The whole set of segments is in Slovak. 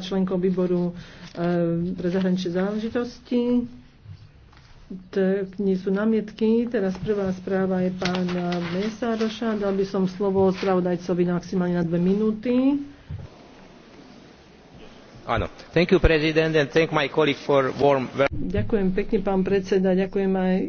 členkou výboru eh, pre zahraničné záležitosti. Tak nie sú namietky. Teraz prvá správa je pána Mesároša. Dal by som slovo spravodajcovi na maximálne na dve minúty. Ďakujem pekne, pán predseda. Ďakujem aj e,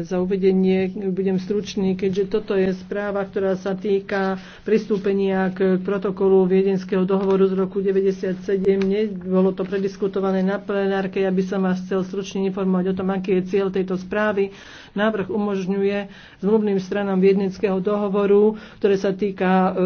za uvedenie. Budem stručný, keďže toto je správa, ktorá sa týka pristúpenia k protokolu Viedenského dohovoru z roku 1997. Bolo to prediskutované na plenárke. Ja by som vás chcel stručne informovať o tom, aký je cieľ tejto správy. Návrh umožňuje zmluvným stranám viedneckého dohovoru, ktoré sa týka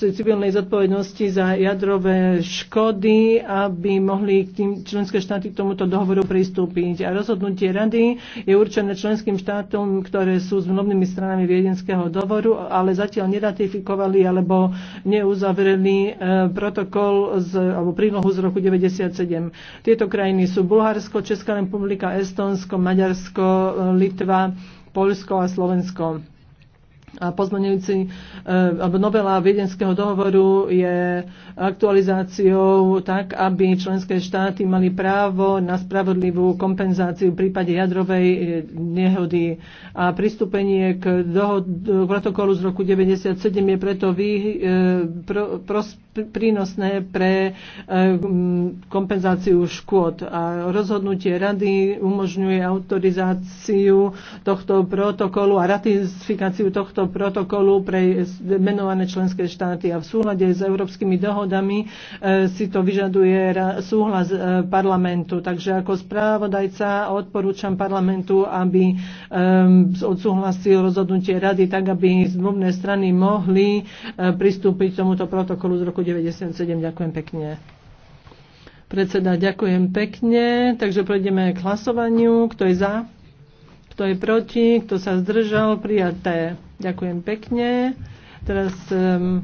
e, civilnej zodpovednosti za jadrové škody, aby mohli tým členské štáty k tomuto dohovoru pristúpiť. A rozhodnutie rady je určené členským štátom, ktoré sú zmluvnými stranami viedenského dohovoru, ale zatiaľ neratifikovali alebo neuzavreli e, protokol z, alebo prílohu z roku 1997. Tieto krajiny sú Bulharsko, Česká republika, Estonsko, Maďarsko, Litva, Polsko a Slovensko a pozmenujúci e, alebo novela Viedenského dohovoru je aktualizáciou tak, aby členské štáty mali právo na spravodlivú kompenzáciu v prípade jadrovej e, nehody. A pristúpenie k dohod- protokolu z roku 97 je preto vý, e, pro, pros, prínosné pre kompenzáciu škôd. A rozhodnutie rady umožňuje autorizáciu tohto protokolu a ratifikáciu tohto protokolu pre menované členské štáty a v súhľade s európskymi dohodami e, si to vyžaduje súhlas e, parlamentu. Takže ako správodajca odporúčam parlamentu, aby e, odsúhlasil rozhodnutie rady tak, aby zmluvné strany mohli pristúpiť k tomuto protokolu z roku 1997. Ďakujem pekne. Predseda, ďakujem pekne. Takže prejdeme k hlasovaniu. Kto je za? Kto je proti? Kto sa zdržal? Prijaté. Ďakujem pekne. Teraz um,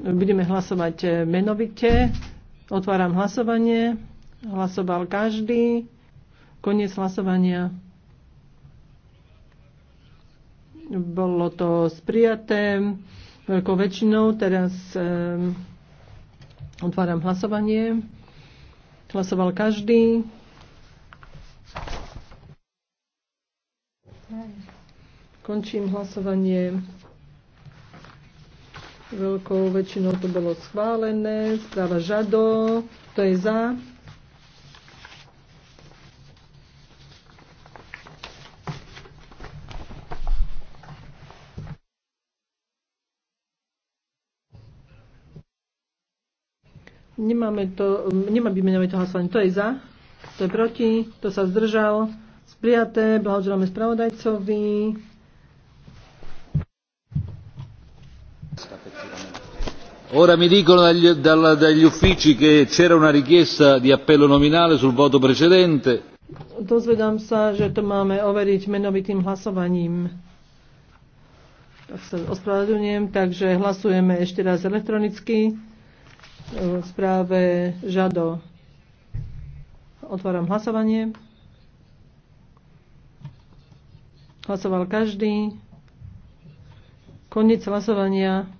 budeme hlasovať eh, menovite. Otváram hlasovanie. Hlasoval každý. Koniec hlasovania. Bolo to sprijaté veľkou väčšinou. Teraz um, otváram hlasovanie. Hlasoval každý. Končím hlasovanie. Veľkou väčšinou to bolo schválené. Správa Žado. Kto je za? Nemáme to, nemáme vymenovať to hlasovanie. To je za, to je proti, to sa zdržal. Spriaté, blahoželáme spravodajcovi. ora mi dicono dagli, dalla, dagli uffici che c'era una richiesta di appello nominale sul voto precedente. Dozvedám sa, že to máme overiť menovitým hlasovaním. Tak sa ospravedlňujem, takže hlasujeme ešte raz elektronicky v správe Žado. Otváram hlasovanie. Hlasoval každý. Koniec hlasovania.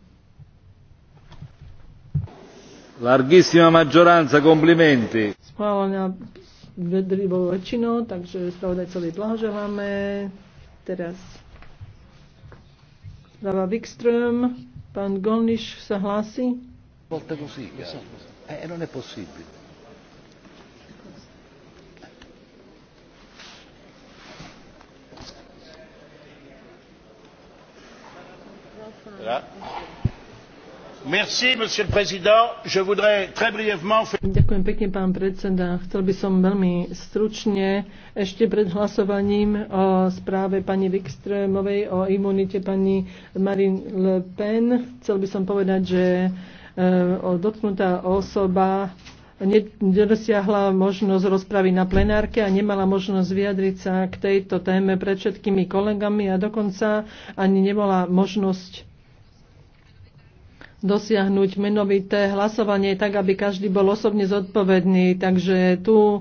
Larghissima maggioranza, complimenti. Schválená vedrivou väčšinou, takže spravodajcovi blahoželáme. Teraz Lava Wikström, pán Golniš sa hlási. Volta così, eh, eh, non è possibile. Yeah. Ďakujem pekne, pán predseda. Chcel by som veľmi stručne ešte pred hlasovaním o správe pani Wikströmovej o imunite pani Marine Le Pen. Chcel by som povedať, že eh, dotknutá osoba nedosiahla možnosť rozpravy na plenárke a nemala možnosť vyjadriť sa k tejto téme pred všetkými kolegami a dokonca ani nebola možnosť dosiahnuť menovité hlasovanie tak, aby každý bol osobne zodpovedný. Takže tu e,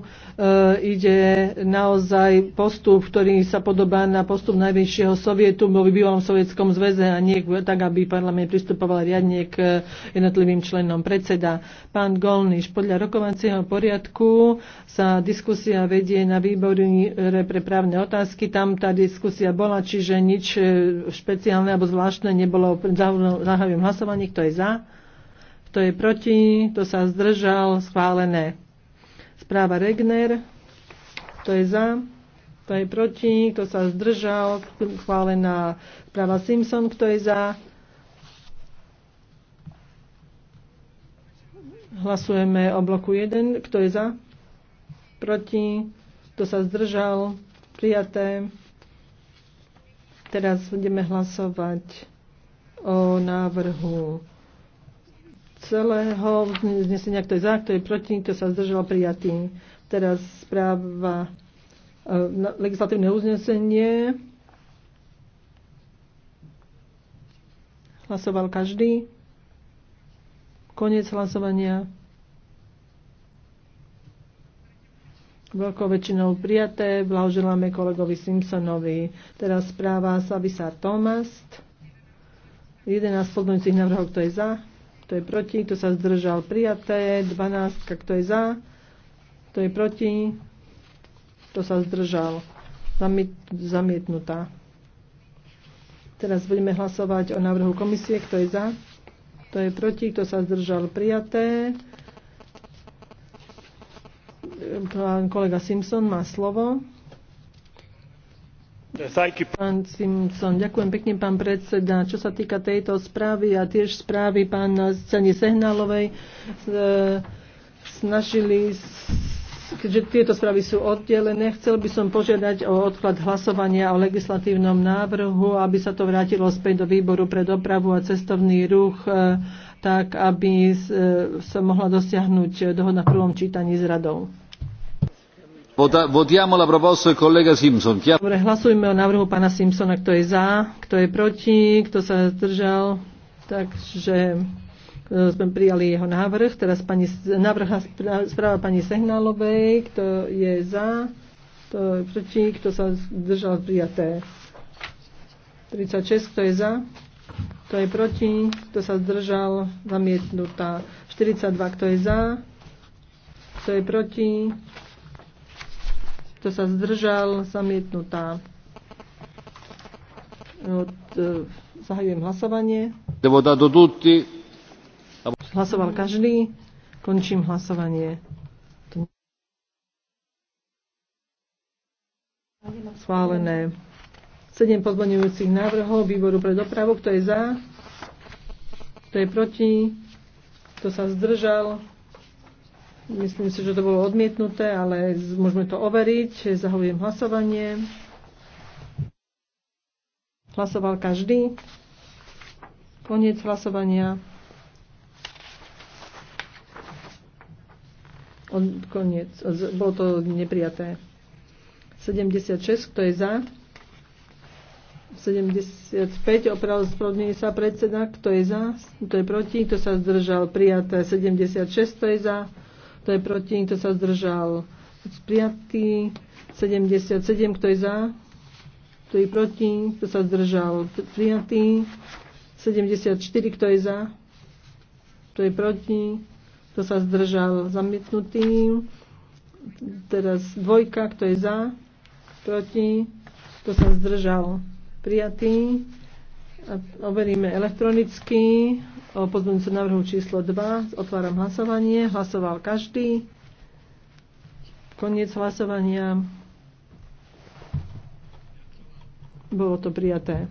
ide naozaj postup, ktorý sa podobá na postup Najvyššieho sovietu vo bývalom sovietskom zväze a nie tak, aby parlament pristupoval riadne k e, jednotlivým členom predseda. Pán Golniš, podľa rokovacieho poriadku sa diskusia vedie na výboru pre právne otázky. Tam tá diskusia bola, čiže nič e, špeciálne alebo zvláštne nebolo. Zahajujem hlasovaní, kto je za, kto je proti, to sa zdržal, schválené. Správa Regner, kto je za, kto je proti, kto sa zdržal, schválená. Správa Simpson, kto je za. Hlasujeme o bloku 1, kto je za, proti, kto sa zdržal, prijaté. Teraz budeme hlasovať o návrhu celého znesenia, kto je za, kto je proti, kto sa zdržal prijatý. Teraz správa e, legislatívne uznesenie. Hlasoval každý. Konec hlasovania. Veľkou väčšinou prijaté. Blahoželáme kolegovi Simpsonovi. Teraz správa Savisa Tomast. 11 podmienujúcich navrhov, kto je za kto je proti, kto sa zdržal prijaté, 12, kto je za, kto je proti, kto sa zdržal zamietnutá. Teraz budeme hlasovať o návrhu komisie, kto je za, kto je proti, kto sa zdržal prijaté. Pán kolega Simpson má slovo. Pán Simpson, ďakujem pekne, pán predseda. Čo sa týka tejto správy a tiež správy pána Cene Sehnalovej, e, snažili keďže tieto správy sú oddelené, chcel by som požiadať o odklad hlasovania o legislatívnom návrhu, aby sa to vrátilo späť do výboru pre dopravu a cestovný ruch, e, tak aby e, sa mohla dosiahnuť dohoda v prvom čítaní s radou. Dobre, hlasujme o návrhu pána Simpsona, kto je za, kto je proti, kto sa zdržal. Takže e, sme prijali jeho návrh. Teraz pani, návrh správa pani Sehnálovej, kto je za, kto je proti, kto sa zdržal prijaté. 36, kto je za, kto je proti, kto sa zdržal, zamietnutá. 42, kto je za, kto je proti, kto sa zdržal? Zamietnutá. E, zahajujem hlasovanie. Hlasoval každý. Končím hlasovanie. Schválené. 7 pozmeňujúcich návrhov výboru pre dopravu. Kto je za? Kto je proti? Kto sa zdržal? Myslím si, že to bolo odmietnuté, ale môžeme to overiť. Zahovujem hlasovanie. Hlasoval každý. Koniec hlasovania. Od, koniec. Bolo to neprijaté. 76, kto je za? 75, opravdu spravodlenie sa predseda, kto je za, kto je proti, kto sa zdržal, prijaté 76, kto je za, kto je proti, kto sa zdržal. Prijatý 77, kto je za, kto je proti, kto sa zdržal. Prijatý 74, kto je za, kto je proti, kto sa zdržal. Zamietnutý. Teraz dvojka, kto je za, proti, kto sa zdržal. Prijatý. A overíme elektronicky o návrhu číslo 2. Otváram hlasovanie. Hlasoval každý. Koniec hlasovania. Bolo to prijaté.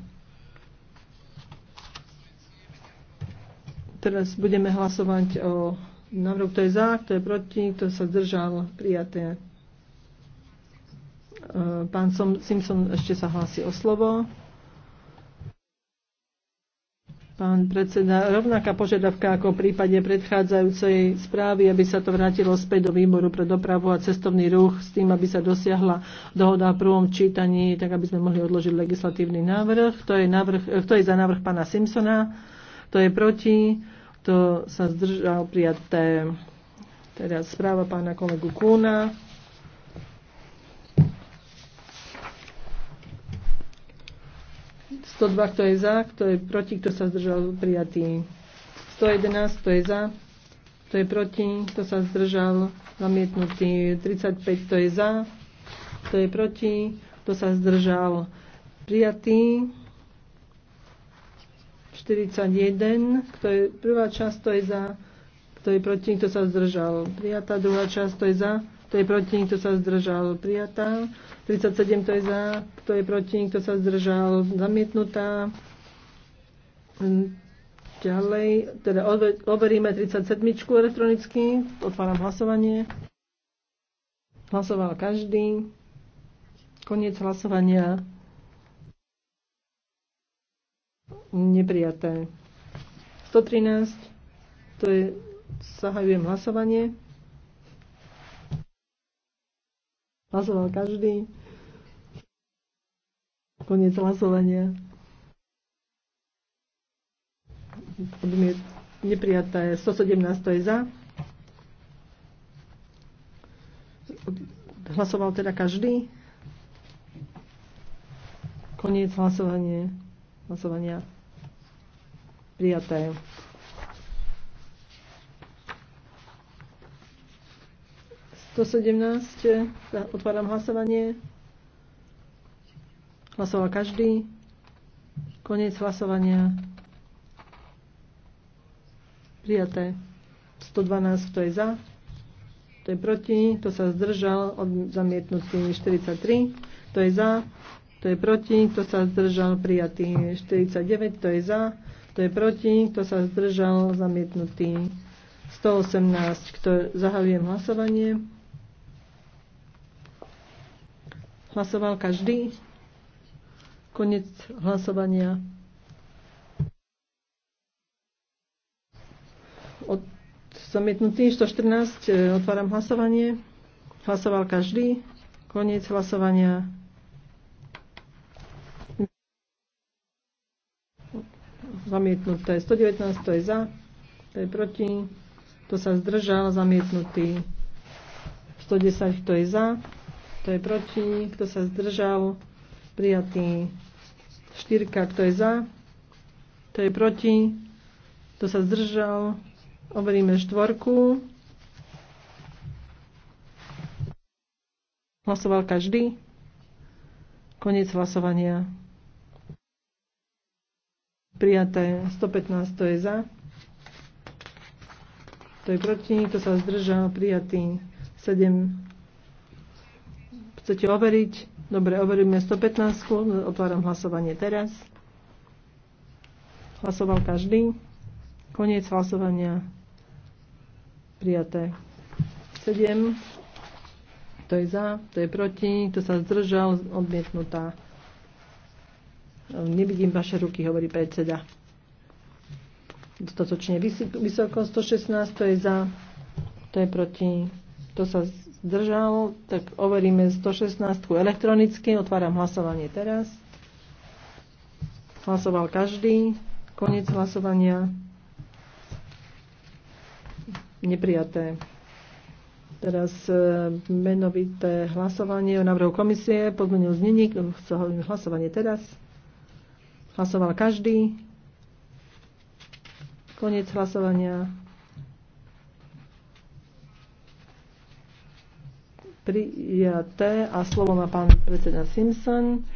Teraz budeme hlasovať o návrhu, kto je za, kto je proti, kto sa zdržal, prijaté. E, pán Simpson ešte sa hlási o slovo. Pán predseda, rovnaká požiadavka ako v prípade predchádzajúcej správy, aby sa to vrátilo späť do výboru pre dopravu a cestovný ruch s tým, aby sa dosiahla dohoda v prvom čítaní, tak aby sme mohli odložiť legislatívny návrh. To je, návrh, eh, to je za návrh pána Simpsona, to je proti, to sa zdržal prijaté teda správa pána kolegu Kúna. 102, kto je za, kto je proti, kto sa zdržal, prijatý. 111, kto je za, kto je proti, kto sa zdržal, zamietnutý. 35, kto je za, kto je proti, kto sa zdržal, prijatý. 41, kto je prvá časť, kto je za, kto je proti, kto sa zdržal, prijatá druhá časť, kto je za, kto je proti, kto sa zdržal, prijatá. 37, to je za, kto je proti, kto sa zdržal, zamietnutá. Ďalej, teda overíme 37 elektronicky, otváram hlasovanie. Hlasoval každý. Koniec hlasovania. Neprijaté. 113, to je, zahajujem hlasovanie. Hlasoval každý. Koniec hlasovania. Odmiet, je. 117 je za. Hlasoval teda každý. Koniec hlasovanie, hlasovania prijaté. 117. Otváram hlasovanie. Hlasoval každý. Koniec hlasovania. Prijaté. 112, kto je za, kto je proti, kto sa zdržal od zamietnutí 43, kto je za, kto je proti, kto sa zdržal prijatý 49, kto je za, kto je proti, kto sa zdržal zamietnutý 118, kto zahajujem hlasovanie. Hlasoval každý. Konec hlasovania. Od zamietnutý 114. E, otváram hlasovanie. Hlasoval každý. konec hlasovania. Zamietnuté 119, to je za, to je proti, to sa zdržal, zamietnutý 110, kto je za, kto je proti, kto sa zdržal, prijatý. Štyrka, kto je za, kto je proti, kto sa zdržal, overíme štvorku. Hlasoval každý. Koniec hlasovania. Prijaté 115, to je za. To je proti, to sa zdržal, prijatý 7 Chcete overiť? Dobre, overíme 115. Otváram hlasovanie teraz. Hlasoval každý. Koniec hlasovania. Prijaté. 7. To je za, to je proti, to sa zdržal, odmietnutá. Nevidím vaše ruky, hovorí predseda. Dostatočne vysoko, 116, to je za, to je proti, to sa zdržal, tak overíme 116 elektronicky. Otváram hlasovanie teraz. Hlasoval každý. Konec hlasovania. Neprijaté. Teraz e, menovité hlasovanie o návrhu komisie. Pozmenil znení. Hlasovanie teraz. Hlasoval každý. Konec hlasovania. prijaté a slovo má pán predseda Simpson.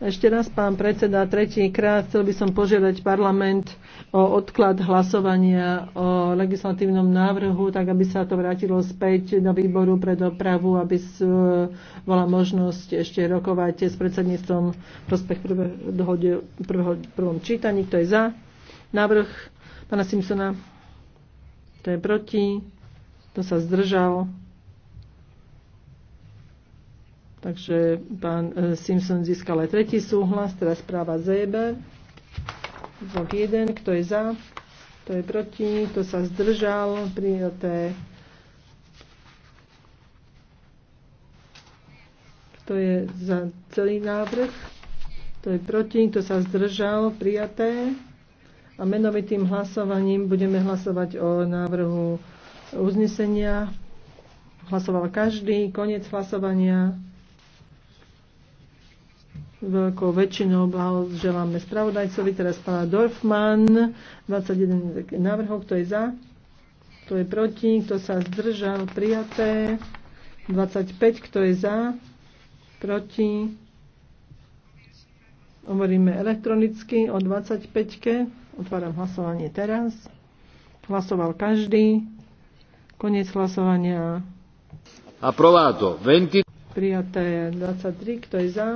Ešte raz, pán predseda, tretíkrát chcel by som požiadať parlament o odklad hlasovania o legislatívnom návrhu, tak aby sa to vrátilo späť do výboru pre dopravu, aby bola možnosť ešte rokovať s predsedníctvom prospech prvého, prvého, prvom čítaní. Kto je za návrh pána Simpsona? Kto je proti? Kto sa zdržal? Takže pán e, Simpson získal aj tretí súhlas, teraz správa ZB. Blok 1, kto je za, kto je proti, kto sa zdržal, prijaté. Kto je za celý návrh, kto je proti, kto sa zdržal, prijaté. A menovitým hlasovaním budeme hlasovať o návrhu uznesenia. Hlasoval každý, koniec hlasovania veľkou väčšinou blahoželáme spravodajcovi. Teraz pána Dorfman, 21 návrhov, kto je za, kto je proti, kto sa zdržal, prijaté. 25, kto je za, proti. Hovoríme elektronicky o 25. Otváram hlasovanie teraz. Hlasoval každý. Koniec hlasovania. prováto, 20... Prijaté 23, kto je za?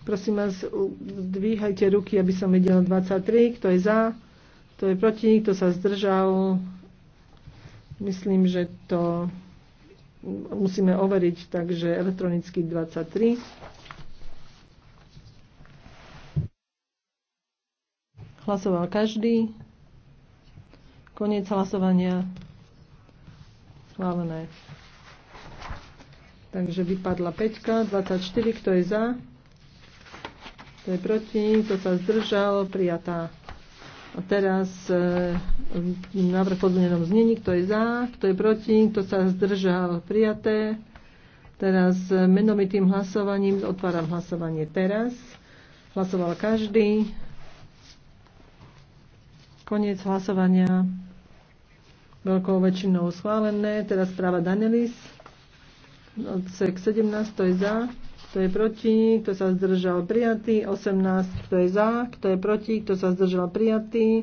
Prosím vás, dvíhajte ruky, aby som vedela 23, kto je za, kto je proti, kto sa zdržal. Myslím, že to musíme overiť, takže elektronicky 23. Hlasoval každý. Koniec hlasovania. Schválené. Takže vypadla 5, 24, kto je za? kto je proti, kto sa zdržal, prijatá. A teraz e, návrh podmienenom znení, kto je za, kto je proti, kto sa zdržal, prijaté. Teraz e, menomitým hlasovaním otváram hlasovanie teraz. Hlasoval každý. Koniec hlasovania. Veľkou väčšinou schválené. Teraz správa Danelis. Odsek 17, to je za kto je proti, kto sa zdržal prijatý, 18, kto je za, kto je proti, kto sa zdržal prijatý.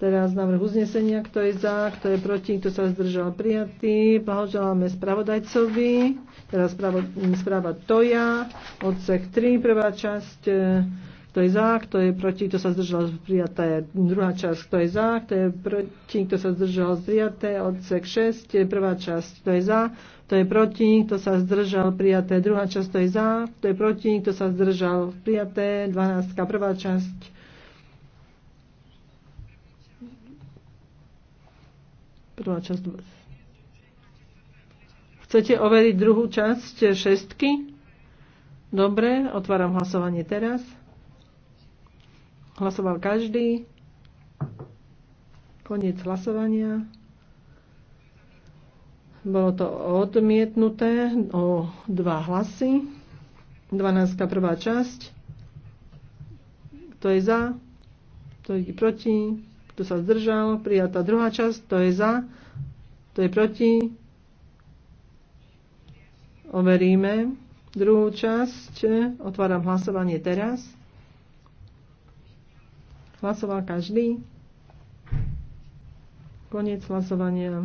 Teraz návrh uznesenia, kto je za, kto je proti, kto sa zdržal prijatý. Blahoželáme spravodajcovi. Teraz správa, správa Toja, odsek 3, prvá časť. Eh, kto je za, kto je proti, kto sa zdržal prijaté. Druhá časť, kto je za, kto je proti, kto sa zdržal prijaté. Odsek 6, prvá časť, kto je za, kto je proti, kto sa zdržal prijaté. Druhá časť, kto je za, kto je proti, kto sa zdržal prijaté. Dvanáctka, prvá časť. Prvá časť. Chcete overiť druhú časť šestky? Dobre, otváram hlasovanie teraz. Hlasoval každý. Koniec hlasovania. Bolo to odmietnuté o dva hlasy. 12. prvá časť. Kto je za? Kto je proti? Kto sa zdržal? Prijatá druhá časť. Kto je za? Kto je proti? Overíme. Druhú časť. Otváram hlasovanie teraz. Hlasoval každý. Koniec hlasovania.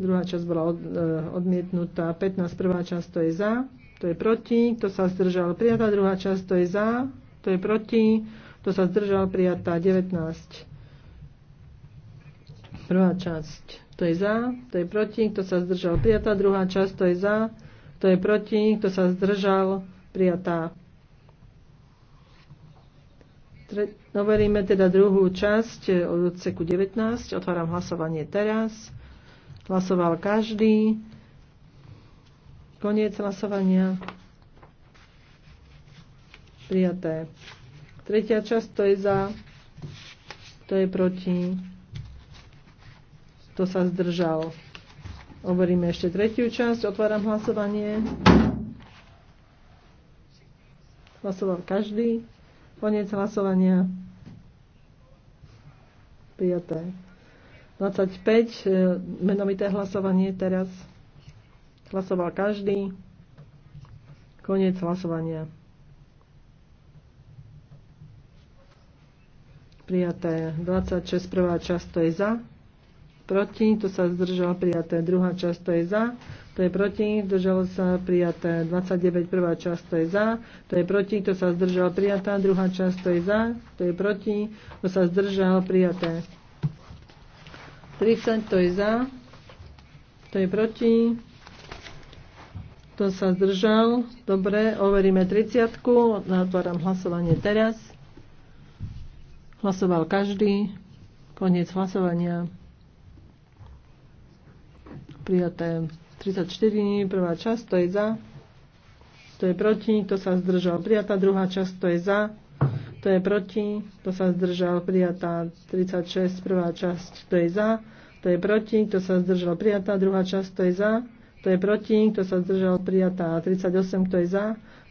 Druhá časť bola od, e, odmietnutá. 15. Prvá časť to je za, to je proti. Kto sa zdržal? Prijatá druhá časť to je za, to je proti. Kto sa zdržal? Prijatá 19. Prvá časť to je za, to je proti. Kto sa zdržal? Prijatá druhá časť to je za, to je proti. Kto sa zdržal? Prijatá Overíme teda druhú časť e, od odseku 19. Otváram hlasovanie teraz. Hlasoval každý. Koniec hlasovania. Prijaté. Tretia časť, to je za, to je proti, to sa zdržal. Overíme ešte tretiu časť, otváram hlasovanie. Hlasoval každý. Koniec hlasovania. Prijaté. 25, e, menovité hlasovanie teraz. Hlasoval každý. Koniec hlasovania. Prijaté 26, prvá časť, to je za proti, to sa zdržalo, prijaté. Druhá časť, to je za, to je proti, zdržalo sa prijaté. 29, prvá časť, to je za, to je proti, to sa zdržalo, prijatá. Druhá časť, to je za, to je proti, to sa zdržalo prijaté. 30, to je za, to je proti, to sa zdržal. Dobre, overíme 30. Otváram hlasovanie teraz. Hlasoval každý. Koniec hlasovania prijaté 34, prvá časť, to je za, to je proti, to sa zdržal prijatá, druhá časť, to je za, to je proti, to sa zdržal prijatá 36, prvá časť, to je za, to je proti, to sa zdržal prijatá, druhá časť, to je za, to je proti, to sa zdržal prijatá 38, to je za,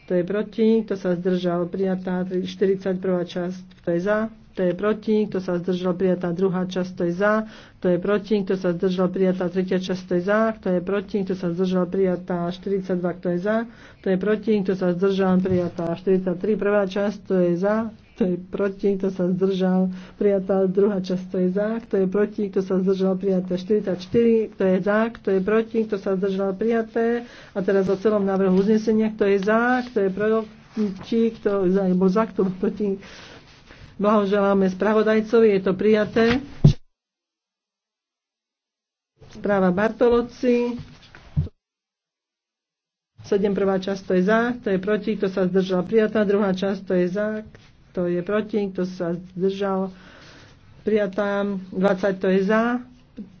to je proti, to sa zdržal prijatá 41. časť, to je za, kto je proti, kto sa zdržal prijatá druhá časť, to je za, kto je proti, kto sa zdržal prijatá tretia časť, to je za, kto je proti, kto sa zdržal prijatá 42, kto je za, kto je proti, kto sa zdržal prijatá 43, prvá časť, to je za, kto je proti, kto sa zdržal prijatá druhá časť, to je za, kto je proti, kto sa zdržal prijaté 44, kto je za, kto je proti, kto sa zdržal prijaté a teraz o celom návrhu uznesenia, kto je za, kto je proti, kto je za, kto je za, kto je proti, Blahoželáme spravodajcovi, je to prijaté. Správa Bartoloci. 7. prvá časť to je za, to je proti, kto sa zdržal prijatá, druhá časť to je za, kto je proti, kto sa zdržal prijatá, 20 to je za,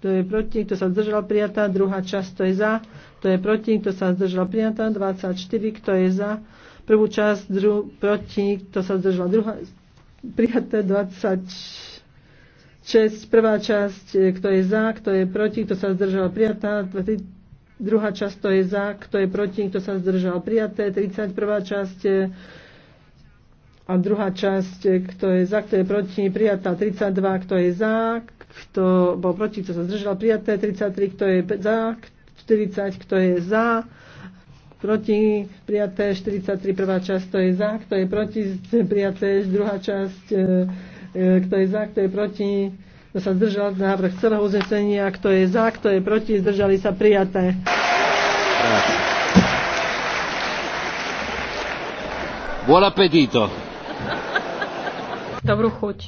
to je proti, kto sa zdržal prijatá, druhá časť to je za, to je proti, kto sa zdržal prijatá, 24, kto je za, prvú časť, dru, proti, kto sa zdržal, druhá, prijaté 26, prvá časť, e, kto je za, kto je proti, kto sa zdržal prijatá, druhá časť, kto je za, kto je proti, kto sa zdržal prijaté, 31. časť e, a druhá časť, e, kto je za, kto je proti, prijatá, 32, kto je za, kto bol proti, kto sa zdržal prijaté, 33, kto je za, 40, kto je za, proti, prijaté 43 prvá časť, to je za, kto je proti, prijaté druhá časť, e, e, kto je za, kto je proti, kto sa zdržal návrh celého uznesenia, kto je za, kto je proti, zdržali sa prijaté. Buon appetito! Dobrú chuť.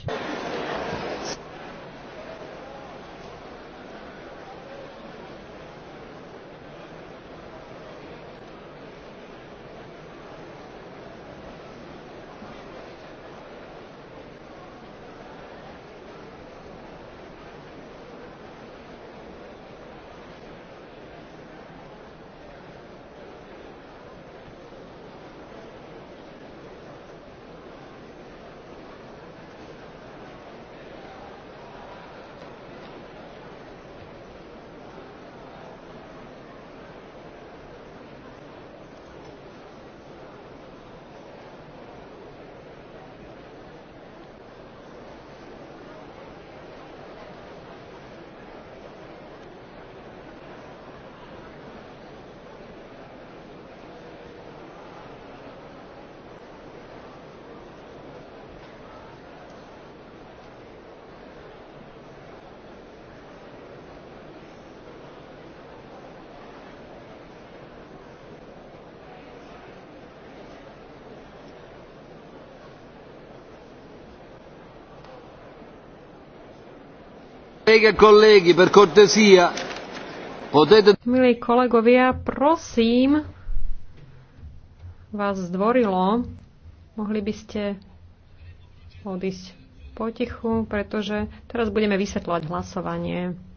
E Milí kolegovia, prosím, vás zdvorilo, mohli by ste odísť potichu, pretože teraz budeme vysvetľovať hlasovanie.